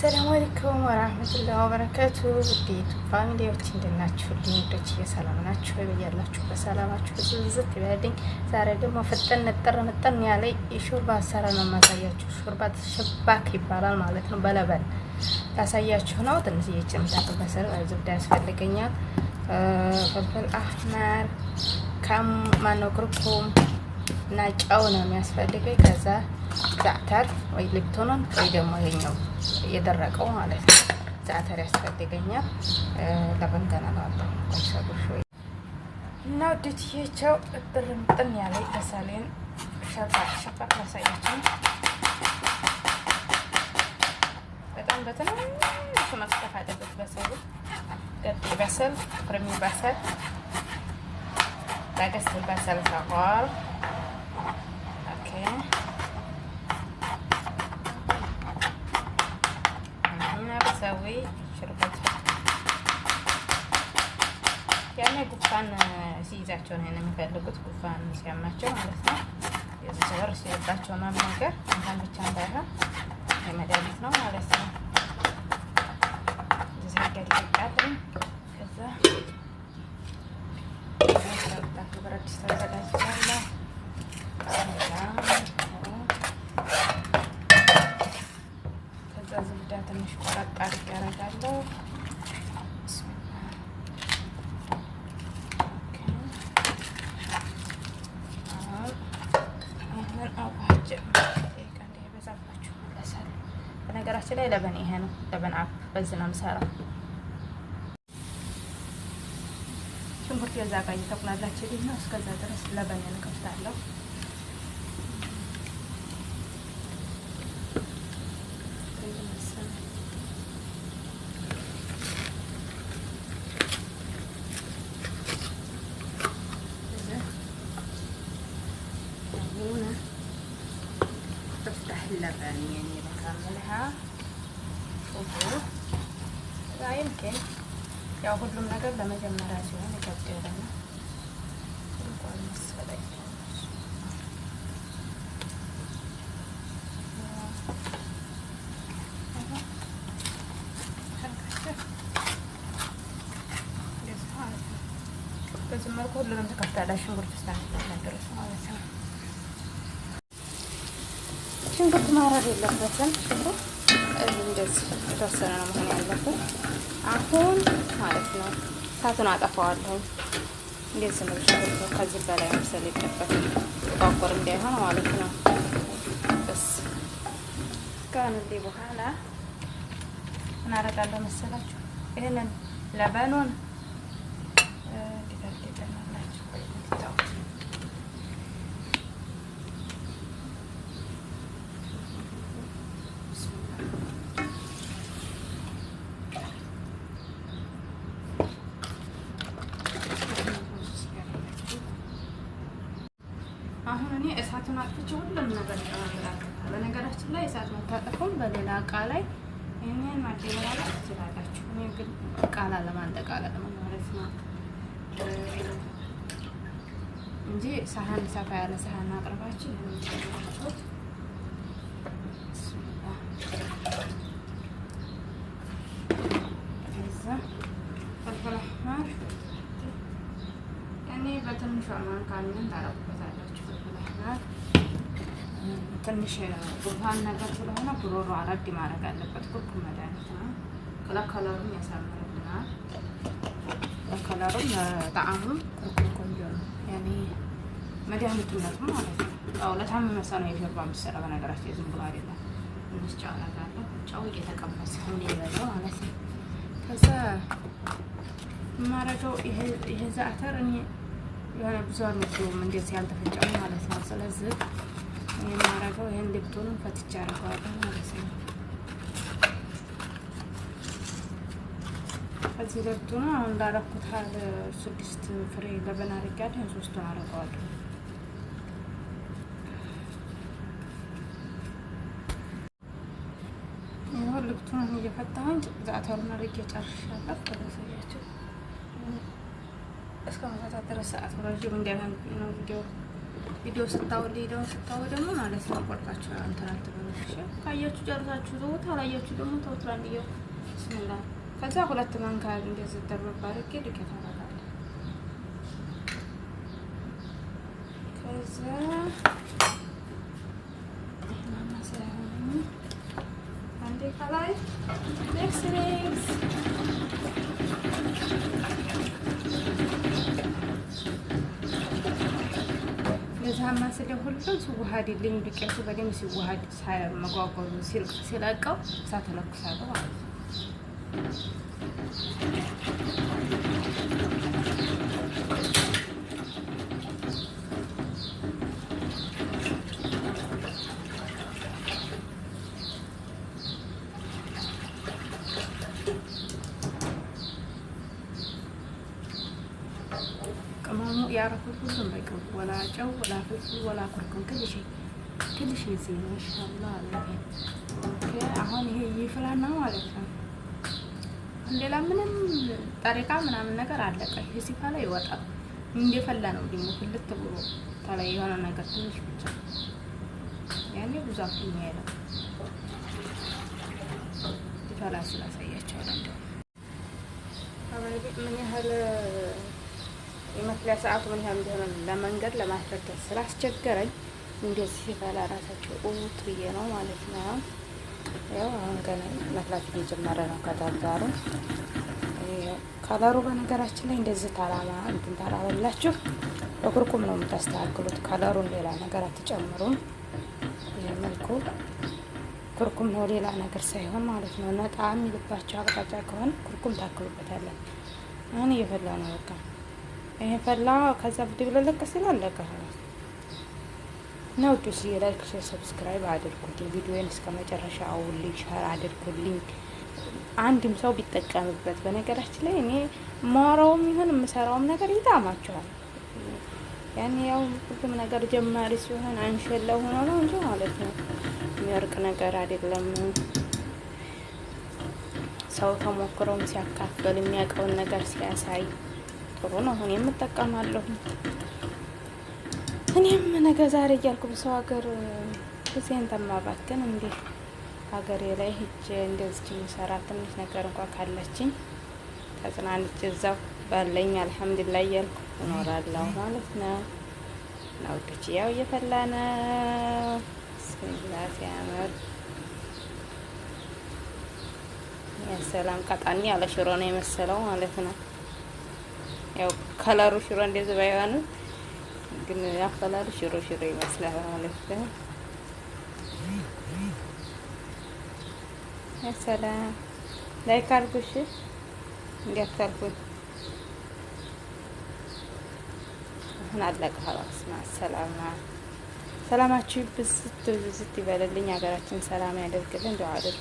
አሰላሙ አለይኩም ወራህመቱላሂ ወበረከቱ። ውዴቱ ፋሚሊዎች እንደምን ናችሁልኝ? ውዶች እየሰላም ናችሁ ብያላችሁ። በሰላማችሁ ብዙ ዝት ይበልኝ። ዛሬ ደግሞ ፍጠን ነጠር መጠን ያለ የሾርባ አሰራር ነው የማሳያችሁ። ሾርባ ሽባክ ይባላል ማለት ነው። በለበል ታሳያችሁ ነው። ትንሽ የጭምጣ በሰር ዝብዳ ያስፈልገኛል። ፍልፍል አህመር ካም ክርኩም እና ጨው ነው የሚያስፈልገኝ ከዛ ዛዕተር ወይ ሊፕቶንን ወይ ደግሞ ይኸኛው የደረቀው ማለት ነው። ዛዕተር ያስፈልገኛል። ለበንገነባለሁ ሰጉሽ ወይ እና ውዴት ይቸው ብርምጥን ያለ ተሳሌን ሸጣት ሸጣት ላሳያቸው በጣም በትንሹ መክተፍ አለበት። በሰሉ ገጥ በሰል ፍርሚ በሰል ዳገስ በሰል ሳቆር ሰዊ ሽርበት ያኔ ጉፋን ሲይዛቸው ነው የሚፈልጉት። ጉፋን ሲያማቸው ማለት ነው። የዘወር ሲወጣቸው ምናምን ነገር እንኳን ብቻ እንዳይሆን የመድኃኒት ነው ማለት ነው። جابن عف بزنا مسارة شو مرتي زاكا يتقنا الله شيء هنا وسك زاد رس لبن يعني كم تعلق شو هنا تفتح اللبن يعني بكملها ብዙ ዛሬም ግን ያው ሁሉም ነገር ለመጀመሪያ ሲሆን ይከብዳል። እንኳን መሰለኝ በዚህ መልኩ ሁሉንም ተከፍታላችሁ። ሽንኩርት ስታነሳ ማለት ነው። ሽንኩርት ማረግ የለበትም ሽንኩርት እንደዚህ የተወሰነ ነው መሆን ያለበት። አሁን ማለት ነው እሳቱን አጠፋዋለሁ። እንደዚህ ነው ብቻ። ከዚህ በላይ መብሰል የለበትም ቋቁር እንዳይሆን ማለት ነው። በስ ከአንዴ በኋላ እናረጋለሁ መሰላችሁ ይህንን ለበኑን አሁን እኔ እሳቱን አጥፍቼ ሁሉም ነገር ለመብላት በነገራችን ላይ እሳት መታጠፉን በሌላ እቃ ላይ ይህንን ማደበላለቅ ትችላላችሁ። እኔ ግን ቃላ ለማንጠቃለል ነው ማለት ነው እንጂ ሳህን ሰፋ ያለ ሳህን ፍልፍል ለሚጠቅማችሁት እኔ በትንሿ ማንካልን ታረቁ ትንሽ ውሃን ነገር ስለሆነ ጉሮሮ አረድ ማድረግ አለበት። ኩርኩ መድኃኒት ነው። ለከለሩም ያሳምርልናል። ከለሩም ለጣዕሙም ኩርኩም ቆንጆ ነው። ያኔ መድኃኒትነቱ ማለት ነው። ያው ለታመመ ሰው ነው የሾርባ የሚሰራ በነገራችን የዝም ብሎ አይደለም። ትንሽ ጨው አደርጋለሁ። ጨው እየተቀመሰ እንዲበለው ማለት ነው። ከዛ የማደርገው ይሄ ዘአተር እኔ የሆነ ብዙ አልወደውም እንዴት ያልተፈጨው ማለት ነው። ስለዚህ የማረገው ይህን ልብቱንም ፈትቻ አረገዋለሁ ማለት ነው። ከዚህ ልብቱን አሁን እንዳረኩት ስድስት ፍሬ ለበን አድርጌያለሁ። ሶስቱን አረገዋለሁ። ይኸው ልብቱን እየፈታሁኝ ዛተሩን አድርጌ ጨርሻለሁ። ከበሰያቸው እስከ መሳታት ድረስ ሰዓት ረዥም እንዲያሆን ነው ቪዲዮ ቪዲዮ ስታወል ሄደውን ስታወ ደግሞ ማለት ነው ቆርጣችሁ አንተናት ብሎሽ ካያችሁ ጨርሳችሁ ዘው ታላያችሁ ደግሞ ተውትራን ይየው ስሙላ ከዛ ሁለት መንካ እንደዚህ ደርብ አድርጌ ዱቄት አደርጋለሁ። ከዛ ማማሰያ ሆነ አንዴ ከላይ ኔክስት ሌክስ ሳማ ስለ ሁሉም ሲዋሃድልኝ ዱቄቱ በደምብ ሲዋሃድ መጓጓዙ ሲለቀው እሳት እለኩሳለሁ ማለት ነው። ያረኩት ሁሉም በቅም ወላ ጨው ወላ ፍልፍል ወላ ኩርኩም ትንሽ ትንሽ ጊዜ ነው ይሻላ አለ። አሁን ይሄ ይፍላና ማለት ነው። ሌላ ምንም ጠሪቃ ምናምን ነገር አለቀ። ይሄ ሲፈላ ይወጣል። እንደፈላ ነው ደግሞ ፍልት ብሎ ተለይ የሆነ ነገር ትንሽ ብቻ ያኔ ብዙ አፍኝ ያለው ይፈላ ስላሳያቸው ለምደ ምን ያህል የመክለያ ሰዓቱ ምን ያህል እንደሆነ ለመንገድ ለማስረዳት ስላስቸገረኝ እንደዚህ ይባላ ራሳቸው ኦት ብዬ ነው ማለት ነው። ያው አሁን ገና መፍላት እየጀመረ ነው። ከታጋሩ ከለሩ በነገራችን ላይ እንደዚህ ታላማ እንትን ታላላችሁ በኩርኩም ነው የምታስተካክሉት። ከለሩን ሌላ ነገር አትጨምሩም። ይህ መልኩ ኩርኩም ነው ሌላ ነገር ሳይሆን ማለት ነው። ነጣም ይልባቸው አቅጣጫ ከሆነ ኩርኩም ታክሉበታለን። አሁን እየፈላ ነው በቃ ይሄ ፈላ ከዛ ብድ ብሎ ለቀስ ይላል። ነው ውዶች፣ ላይክ ሼር፣ ሰብስክራይብ አድርጉልኝ። ቪዲዮን እስከ መጨረሻ አውልኝ፣ ሸር አድርጉልኝ። አንድም ሰው ቢጠቀምበት። በነገራችን ላይ እኔ ማራውም ይሁን የምሰራውም ነገር ይጣማቸዋል። ያኔ ያው ሁሉም ነገር ጀማሪ ሲሆን አንሸለ ሆኖ ነው እንጂ ማለት ነው የሚወርቅ ነገር አይደለም። ሰው ተሞክሮም ሲያካፍል የሚያውቀውን ነገር ሲያሳይ ጥሩ ነው። እኔም እጠቀማለሁ። እኔም ነገ ዛሬ እያልኩ ብሰው ሀገር ጊዜን ተማባክን እንዴ ሀገሬ ላይ ሂጅ እንደዚህ ሰራ ትንሽ ነገር እንኳ ካለችኝ ተጽናንቼ እዛው ባለኝ አልሐምዱላ እያልኩ እኖራለሁ ማለት ነው። ናውዶች ያው እየፈላ ነው። ብስሚላ ሲያምር የሰላም ቀጣኒ ያለ ሽሮ ነው የመሰለው ማለት ነው። ያው ከለሩ ሽሮ እንደዚህ ባይሆንም ግን ያው ከለሩ ሽሮ ሽሮ ይመስላል ማለት ነው። ሰላም ላይክ አድርጉሽ እንዲያታልኩኝ አሁን አለቀ። ሀላስ ማሰላማ ሰላማችሁ ብዝት ብዝት ይበልልኝ። ሀገራችን ሰላም ያደርግልን። እንደው አድርጉ